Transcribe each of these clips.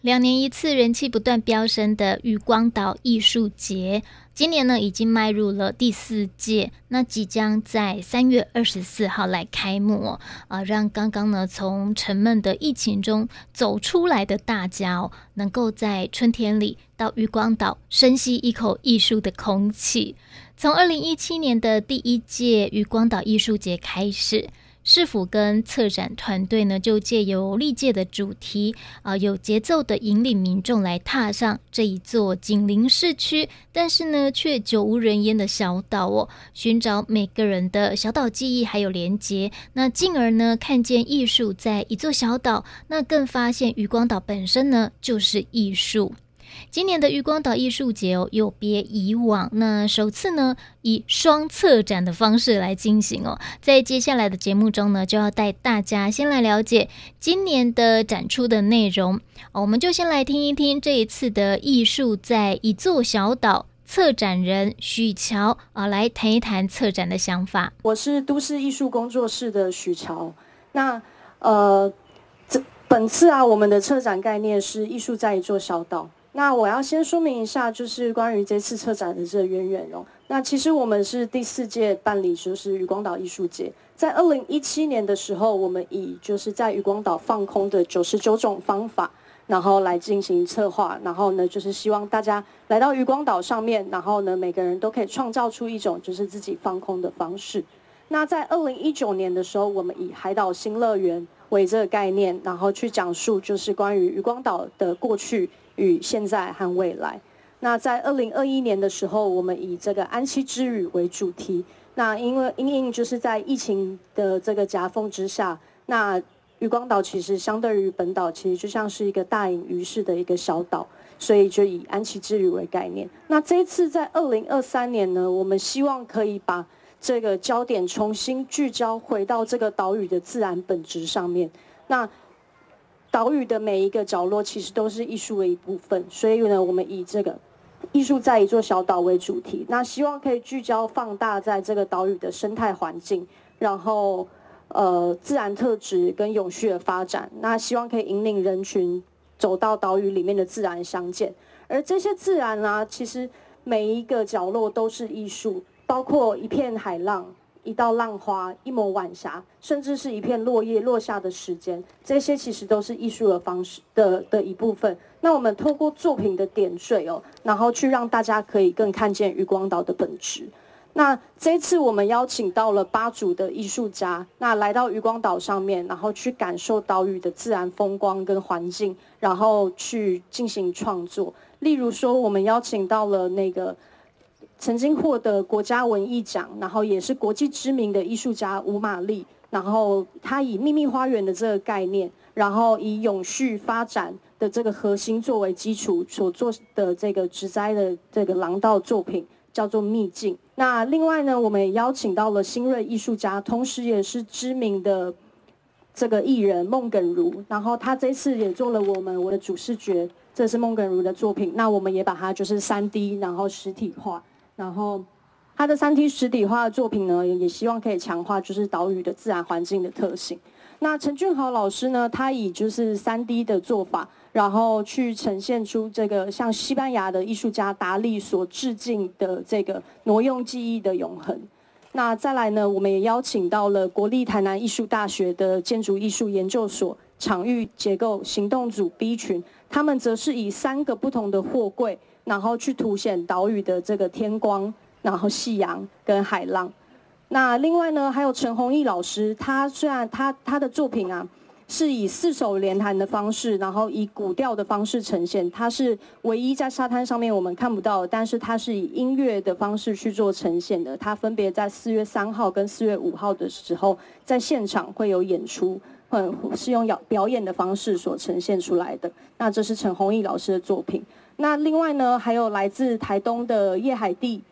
兩年一次，人氣不斷飆升的漁光島藝術節，今年呢已經邁入了第四屆，那即將在三月二十四號來開幕哦。啊，讓剛剛呢從沉悶的疫情中走出來的大家哦，能夠在春天裡到漁光島深吸一口藝術的空氣。從二零一七年的第一屆漁光島藝術節開始。市府跟策展團隊呢，就借由歷屆的主題啊、呃，有節奏的引領民眾來踏上這一座緊鄰市區，但是呢卻久無人煙的小島哦，尋找每個人的小島記憶還有連結，那進而呢看見藝術在一座小島，那更發現漁光島本身呢就是藝術。今年的漁光島藝術節哦，有別以往，那首次呢，以雙策展的方式來進行哦。在接下來的節目中呢，就要帶大家先來了解今年的展出的內容。哦、我們就先來聽一聽這一次的藝術在一座小島策展人許橋啊、哦，來談一談策展的想法。我是都市藝術工作室的許橋。那呃，這本次啊，我們的策展概念是藝術在一座小島。那我要先說明一下，就是關於這次策展的這個淵源哦。那其實我們是第四屆辦理，就是漁光島藝術節。在二零一七年的時候，我們以就是在漁光島放空的九十九種方法，然後來進行策劃。然後呢，就是希望大家來到漁光島上面，然後呢，每個人都可以創造出一種就是自己放空的方式。那在二零一九年的時候，我們以海島新樂園為這個概念，然後去講述就是關於漁光島的過去與現在和未來。那在二零二一年的時候，我們以這個安棲之嶼為主題。那因為因應就是在疫情的這個夾縫之下，那漁光島其實相對於本島，其實就像是一個大隱於市的一個小島，所以就以安棲之嶼為概念。那這一次在二零二三年呢，我們希望可以把。這個焦點重新聚焦回到這個島嶼的自然本質上面。那島嶼的每一個角落其實都是藝術的一部分，所以呢，我們以這個藝術在一座小島為主題，那希望可以聚焦放大在這個島嶼的生態環境，然後呃自然特質跟永續的發展。那希望可以引領人群走到島嶼裡面的自然相見，而這些自然啊，其實每一個角落都是藝術。包括一片海浪、一道浪花、一抹晚霞，甚至是一片落葉落下的時間，這些其實都是藝術的方式的的一部分。那我們透過作品的點綴哦，然後去讓大家可以更看見漁光島的本質。那這一次我們邀請到了八組的藝術家，那來到漁光島上面，然後去感受島嶼的自然風光跟環境，然後去進行創作。例如說，我們邀請到了那個。曾經獲得國家文藝獎，然後也是國際知名的藝術家吳瑪麗，然後他以秘密花園的這個概念，然後以永續發展的這個核心作為基礎所做的這個植栽的這個廊道作品叫做秘境。那另外呢，我們也邀請到了新銳藝術家，同時也是知名的這個藝人孟耿如，然後他這次也做了我們我的主視覺，這是孟耿如的作品。那我們也把它就是 3D，然後實體化。然後，他的三 D 實體化的作品呢，也希望可以強化就是島嶼的自然環境的特性。那陳俊豪老師呢，他以就是三 D 的做法，然後去呈現出這個像西班牙的藝術家達利所致敬的這個挪用記憶的永恆。那再來呢，我們也邀請到了國立台南藝術大學的建築藝術研究所場域結構行動組 B 群，他們則是以三個不同的貨櫃。然後去凸顯島嶼的這個天光，然後夕陽跟海浪。那另外呢，還有陳宏毅老師，他雖然他他，他的作品啊，是以四手聯彈的方式，然後以古調的方式呈現。他是唯一在沙灘上面我們看不到的，但是他是以音樂的方式去做呈現的。他分別在四月三號跟四月五號的時候，在現場會有演出，嗯，是用表演的方式所呈現出來的。那這是陳宏毅老師的作品。那另外呢，還有來自台東的葉海地。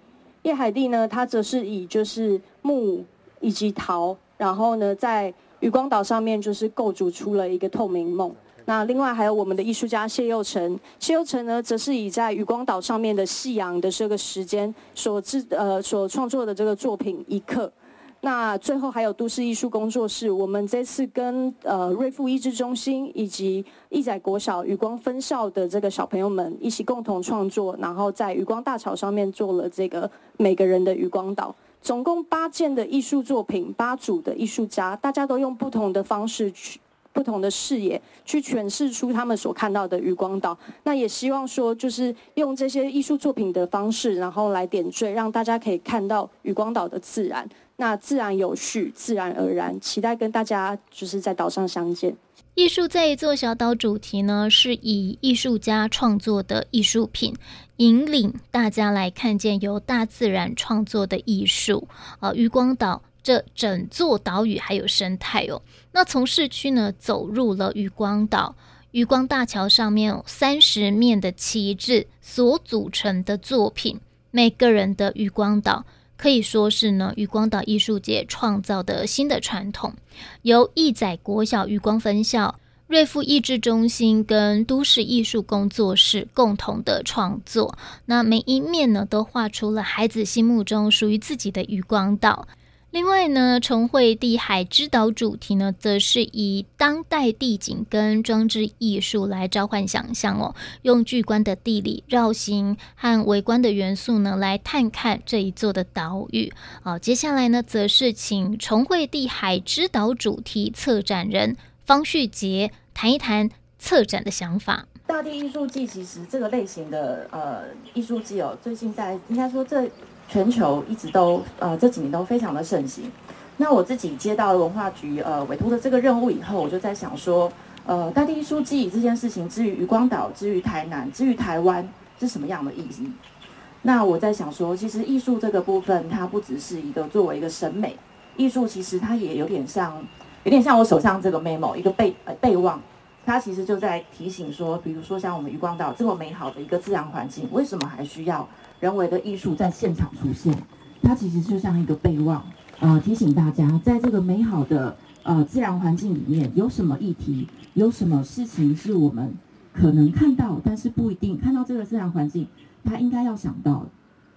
葉海地呢，他則是以就是木以及陶，然後呢，在漁光島上面就是構築出了一個透明夢。那另外還有我們的藝術家謝佑成，謝佑成呢，則是以在漁光島上面的夕陽的這個時間所制，呃，所創作的這個作品一刻。那最後還有都市藝術工作室，我們這次跟呃瑞復益智中心以及億載國小漁光分校的這個小朋友們一起共同創作，然後在漁光大橋上面做了這個每個人的漁光島，總共八件的藝術作品，八組的藝術家，大家都用不同的方式去。不同的視野去詮釋出他們所看到的漁光島。那也希望說，就是用這些藝術作品的方式，然後來點綴，讓大家可以看到漁光島的自然，那自然有序，自然而然。期待跟大家就是在島上相見。藝術在一座小島主題呢，是以藝術家創作的藝術品引領大家來看見由大自然創作的藝術。啊、呃，漁光島。這整座島嶼還有生態哦。那從市區呢，走入了漁光島，漁光大橋上面有三十面的旗幟所組成的作品，每個人的漁光島，可以說是呢漁光島藝術節創造的新的傳統，由億載國小漁光分校、瑞復益智中心跟都市藝術工作室共同的創作。那每一面呢都畫出了孩子心目中屬於自己的漁光島。另外呢，重繪地海之島主題呢，則是以當代地景跟裝置藝術來召喚想象哦，用巨觀的地理繞行和微觀的元素呢，來探看這一座的島嶼。好、哦，接下來呢，則是請重繪地海之島主題策展人方旭杰談一談策展的想法。大地藝術季其實這個類型的呃藝術季哦，最近在應該說這。全球一直都呃這幾年都非常的盛行。那我自己接到文化局呃委託的這個任務以後，我就在想說，呃大地藝術祭這件事情，之於漁光島，之於台南，之於台灣是什麼樣的意義？那我在想說，其實藝術這個部分，它不只是一個作為一個審美，藝術其實它也有點像，有點像我手上這個 memo 一個備呃備忘。它其實就在提醒說，比如說像我們漁光島這麼美好的一個自然環境，為什麼還需要人為的藝術在現場出現？它其實就像一個備忘，呃，提醒大家，在這個美好的呃自然環境裡面，有什麼議題，有什麼事情是我們可能看到，但是不一定看到這個自然環境，他應該要想到，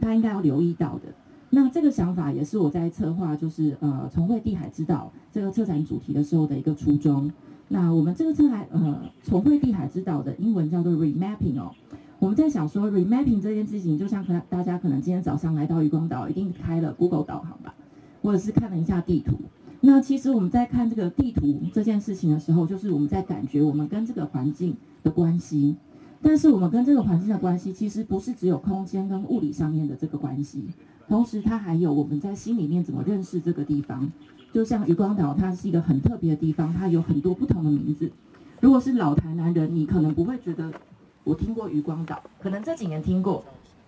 他應該要留意到的。那這個想法也是我在策劃就是呃重回地海之島這個策展主題的時候的一個初衷。那我們這次來，呃，重繪地海之島的英文叫做 remapping 哦。我們在想說 remapping 這件事情，就像可大家可能今天早上來到漁光島，一定開了 Google 導航吧，或者是看了一下地圖。那其實我們在看這個地圖這件事情的時候，就是我們在感覺我們跟這個環境的關係。但是我們跟這個環境的關係，其實不是只有空間跟物理上面的這個關係，同時它還有我們在心裡面怎麼認識這個地方。就像漁光島，它是一個很特別的地方，它有很多不同的名字。如果是老台南人，你可能不會覺得我聽過漁光島，可能這幾年聽過，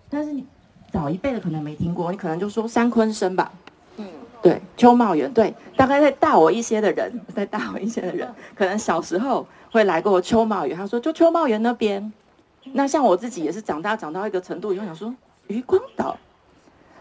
但是你早一輩的可能沒聽過，你可能就說三鯤鯓吧。嗯，對，秋茂園，對，大概在大我一些的人，在大我一些的人，的可能小時候會來過秋茂園，他說就秋茂園那邊。那像我自己也是長大長到一個程度以後，想說漁光島，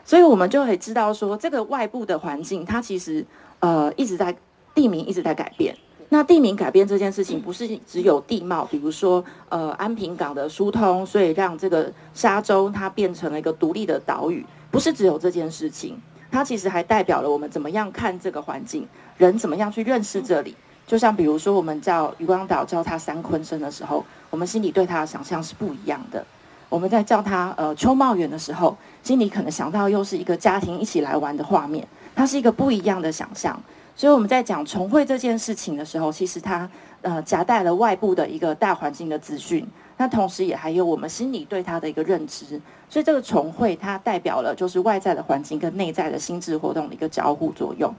所以我們就會知道說這個外部的環境，它其實。呃，一直在地名一直在改變。那地名改變這件事情，不是只有地貌，比如說，呃，安平港的疏通，所以讓這個沙洲它變成了一個獨立的島嶼，不是只有這件事情，它其實還代表了我們怎麼樣看這個環境，人怎麼樣去認識這裡。就像比如說，我們叫漁光島，叫它三鯤鯓的時候，我們心裡對它的想象是不一樣的。我們在叫他呃秋茂園的時候，心裡可能想到又是一個家庭一起來玩的畫面，它是一個不一樣的想象。所以我們在講重繪這件事情的時候，其實它呃夾帶了外部的一個大環境的資訊，那同時也還有我們心裡對它的一個認知。所以這個重繪它代表了就是外在的環境跟內在的心智活動的一個交互作用。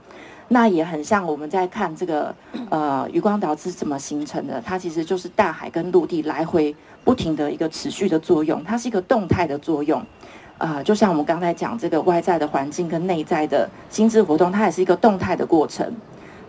那也很像我們在看這個呃漁光島是怎麼形成的，它其實就是大海跟陸地來回不停的一個持續的作用，它是一個動態的作用。啊、呃，就像我們剛才講這個外在的環境跟內在的心智活動，它也是一個動態的過程。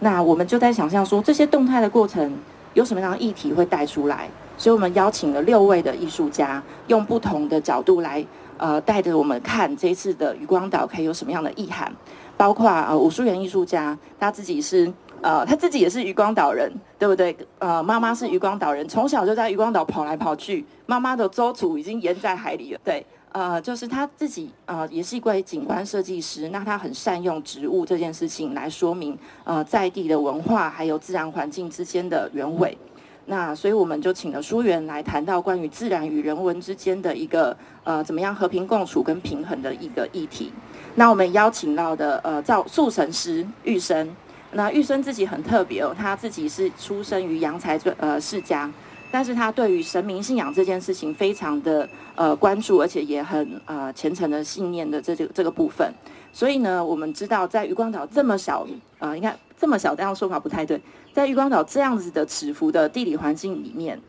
那我們就在想象說這些動態的過程有什麼樣的議題會帶出來，所以我們邀請了六位的藝術家，用不同的角度來呃帶着我們看這一次的漁光島可以有什麼樣的意涵。包括呃，吳書原、藝術家，他自己是呃，他自己也是漁光島人，對不對？呃，媽媽是漁光島人，從小就在漁光島跑來跑去。媽媽的祖厝已經淹在海裡了，對。呃，就是他自己呃，也是一位景觀設計師，那他很善用植物這件事情來說明呃，在地的文化還有自然環境之間的原委。那所以我們就請了書員來談到關於自然與人文之間的一個呃，怎麼樣和平共處跟平衡的一個議題。那我們邀請到的呃，造塑神師玉生，那玉生自己很特別哦，他自己是出生於陽才呃，世家。但是他對於神明信仰這件事情非常的呃關注，而且也很呃虔誠的信念的這這個、這個部分。所以呢，我們知道在漁光島這麼小呃，應該這麼小，這樣說法不太對。在漁光島這樣子的尺幅的地理環境裡面，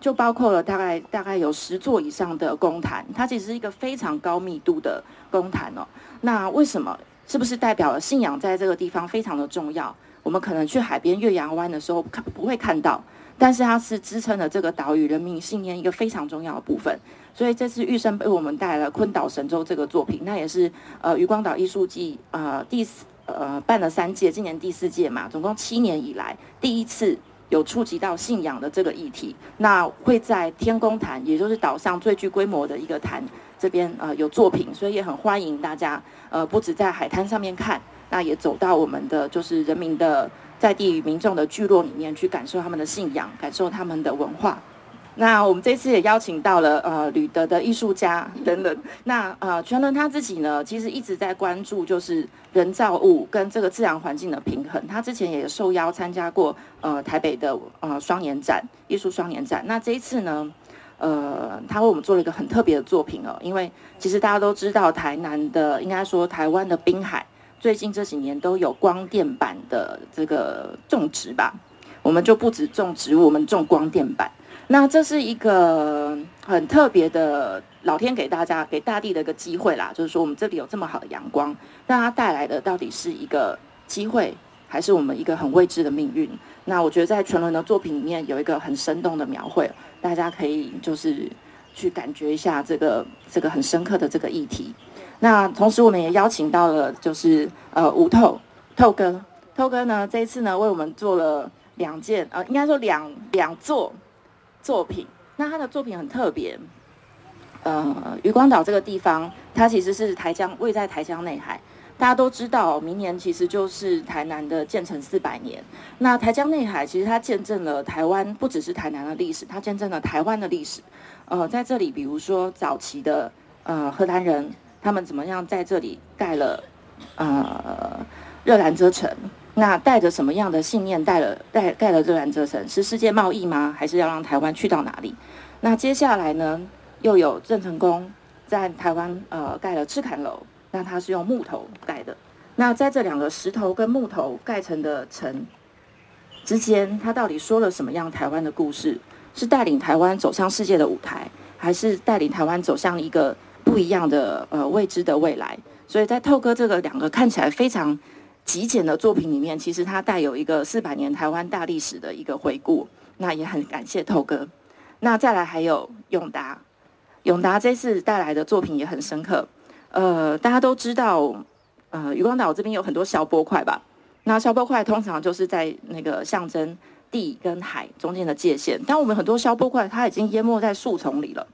就包括了大概大概有十座以上的宮壇，它其實是一個非常高密度的宮壇哦。那為什麼？是不是代表了信仰在這個地方非常的重要？我們可能去海邊月牙灣的時候看不會看到。但是它是支撐了這個島嶼人民信念一個非常重要的部分，所以這次玉生為我們帶來了《昆島神州》這個作品，那也是呃漁光島藝術節呃第四呃辦了三屆，今年第四屆嘛，總共七年以來第一次有觸及到信仰的這個議題，那會在天宮壇，也就是島上最具規模的一個壇這邊呃有作品，所以也很歡迎大家呃不止在海灘上面看，那也走到我們的就是人民的。在地域民眾的聚落裡面去感受他們的信仰，感受他們的文化。那我們這次也邀請到了呃呂德的藝術家等等。那呃全倫他自己呢，其實一直在關注就是人造物跟這個自然環境的平衡。他之前也受邀參加過呃台北的呃雙年展藝術雙年展。那這一次呢，呃他為我們做了一個很特別的作品哦，因為其實大家都知道台南的，應該說台灣的濱海。最近這幾年都有光電板的這個種植吧，我們就不止種植物，我們種光電板。那這是一個很特別的，老天給大家給大地的一個機會啦。就是說，我們這裡有這麼好的陽光，那它帶來的到底是一個機會，還是我們一個很未知的命運？那我覺得在全倫的作品裡面有一個很生動的描繪，大家可以就是去感覺一下這個這個很深刻的這個議題。那同時，我們也邀請到了，就是呃，吳透透哥，透哥呢，這一次呢，為我們做了兩件，呃，應該說兩兩座作，作品。那他的作品很特別，呃，漁光島這個地方，它其實是台江，位在台江內海。大家都知道，明年其實就是台南的建成四百年。那台江內海，其實它見證了台灣，不只是台南的歷史，它見證了台灣的歷史。呃，在這裡，比如說早期的呃荷蘭人。他們怎麼樣在這裡蓋了，呃，熱蘭遮城？那帶着什麼樣的信念帶了、帶蓋了熱蘭遮城？是世界貿易嗎？還是要讓台灣去到哪裡？那接下來呢？又有鄭成功在台灣呃蓋了赤崁樓，那他是用木頭蓋的。那在這兩個石頭跟木頭蓋成的城之間，他到底說了什麼樣台灣的故事？是帶領台灣走向世界的舞台，還是帶領台灣走向一個？不一樣的，呃，未知的未來，所以在透哥這個兩個看起來非常極簡的作品裡面，其實它帶有一個四百年台灣大歷史的一個回顧。那也很感謝透哥。那再來還有永達，永達這次帶來的作品也很深刻。呃，大家都知道，呃，漁光島這邊有很多消波塊吧？那消波塊通常就是在那個象徵地跟海中間的界限，但我們很多消波塊它已經淹沒在樹叢裡了。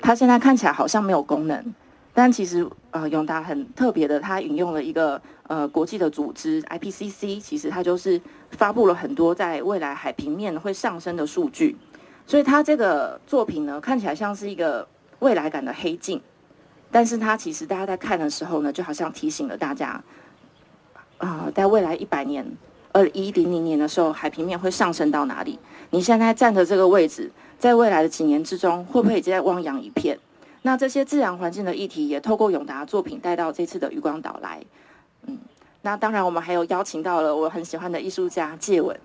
它現在看起來好像沒有功能，但其實，呃，永達很特別的，他引用了一個呃國際的組織 IPCC，其實它就是發布了很多在未來海平面會上升的數據，所以它這個作品呢，看起來像是一個未來感的黑鏡，但是它其實大家在看的時候呢，就好像提醒了大家，啊、呃，在未來一百年。二一零零年的時候，海平面會上升到哪裡？你現在站的這個位置，在未來的幾年之中，會不會已經在汪洋一片？那這些自然環境的議題，也透過永達作品帶到這次的漁光島來。嗯，那當然，我們還有邀請到了我很喜歡的藝術家借文。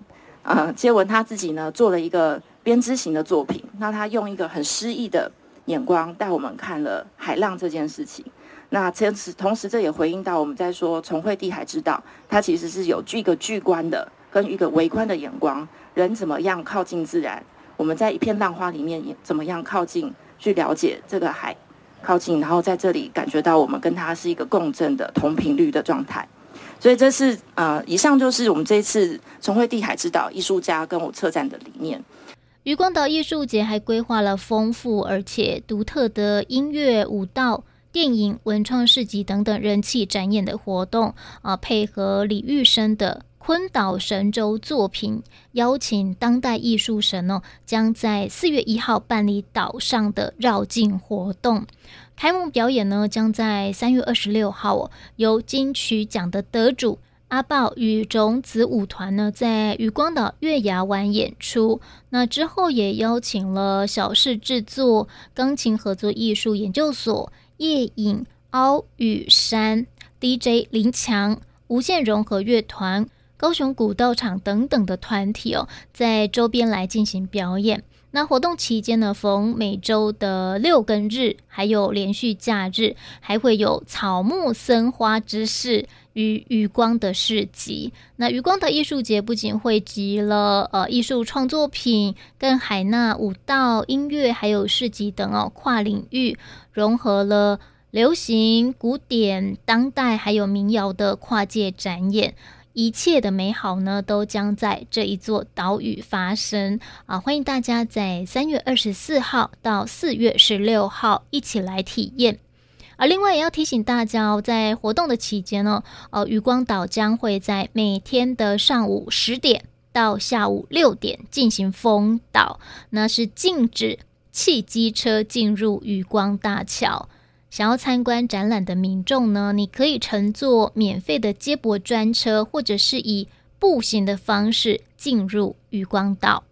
啊、呃，借文他自己呢，做了一個編織型的作品。那他用一個很詩意的眼光，帶我們看了海浪這件事情。那同時，同時這也回應到我們在說，崇惠地海之道，它其實是有具一個巨觀的，跟一個微觀的眼光，人怎麼樣靠近自然？我們在一片浪花裡面也怎麼樣靠近去了解這個海？靠近，然後在這裡感覺到我們跟它是一個共振的同頻率的狀態。所以這是呃，以上就是我們這一次崇惠地海之道藝術家跟我策展的理念。漁光島藝術節還規劃了豐富而且獨特的音樂、舞蹈、電影、文創市集等等人氣展演的活動啊、呃，配合李玉生的《昆島神舟》作品，邀請當代藝術神哦，將在四月一號辦理島上的繞境活動。開幕表演呢，將在三月二十六號由金曲獎的得主阿爆與種子舞團呢，在漁光島月牙灣演出。那之後也邀請了小事製作、鋼琴合作藝術研究所。夜影、凹與山、DJ 林強、無限融合樂團、高雄古道場等等的團體哦，在周邊來進行表演。那活動期間呢，逢每周的六跟日，還有連續假日，還會有草木生花之勢。與漁光島市集，那漁光島藝術節不僅匯集了呃藝術創作品，跟海納舞蹈、音樂，還有市集等哦，跨領域融合了流行、古典、當代，還有民謠的跨界展演，一切的美好呢，都將在這一座島嶼發生啊！歡迎大家在三月二十四號到四月十六號一起來體驗。而另外也要提醒大家哦，在活動的期間呢、哦，呃，漁光島將會在每天的上午十點到下午六點進行封島，那是禁止汽機車進入漁光大橋。想要參觀展覽的民眾呢，你可以乘坐免費的接駁專車，或者是以步行的方式進入漁光島。